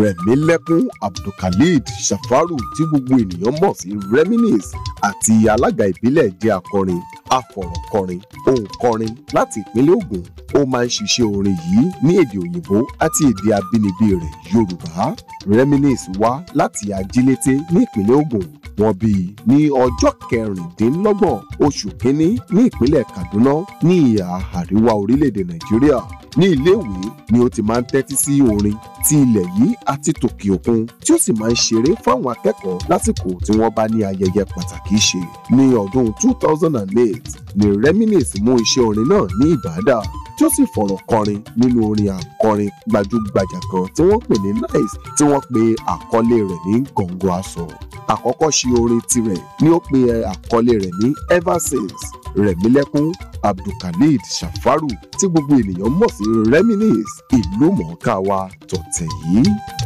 rẹ̀mílẹ́kún abdulkaleed safaru tí gbogbo ènìyàn mọ̀ sí reminisce àti alága ìbílẹ̀ jẹ́ akọrin afọ̀rọ̀kọrin òǹkọrin láti ìpínlẹ̀ Ògùn ó máa ń ṣiṣẹ́ orin yìí ní èdè òyìnbó àti èdè abínibí rẹ̀ Yorùbá Reminisce wá láti Ajílété ní ìpínlẹ̀ Ògùn wọ́n bí i ní ọjọ́ kẹrìndínlọ́gbọ̀n oṣù kínní ní ìpínlẹ̀ Kaduna ní ìhà àríwá orílẹ̀-èdè Nàìjíríà ní iléèwé ni ó ti máa ń tẹ́tí sí orin ti ilẹ̀ yìí àti tòkè òkun tí ó sì máa ń ṣeré fáwọn akẹ́kọ̀ọ́ lásìkò tí wọ́n bá ní ayẹyẹ pàtàkì ṣe ní ọdún eight ni Reminisce mú iṣẹ́ orin náà ní ìbádà tí ó sì fọ̀rọ̀ kọrin nínú orin àkọrin gbajúgbajà kan tí wọ́n pè ní Nice tí wọ́n pe àkọlé rẹ̀ ní gòǹgò aṣọ. Àkọ́kọ́ ṣe orin tirẹ̀ ni ó pe àkọlé rẹ̀ ní Ever Since Rẹ̀mílẹ́kún Abdulkalid Shafaru tí gbogbo ènìyàn mọ̀ sí Reminisce ìlú mọ̀ọ́ká wa tọ̀tẹ̀ yìí.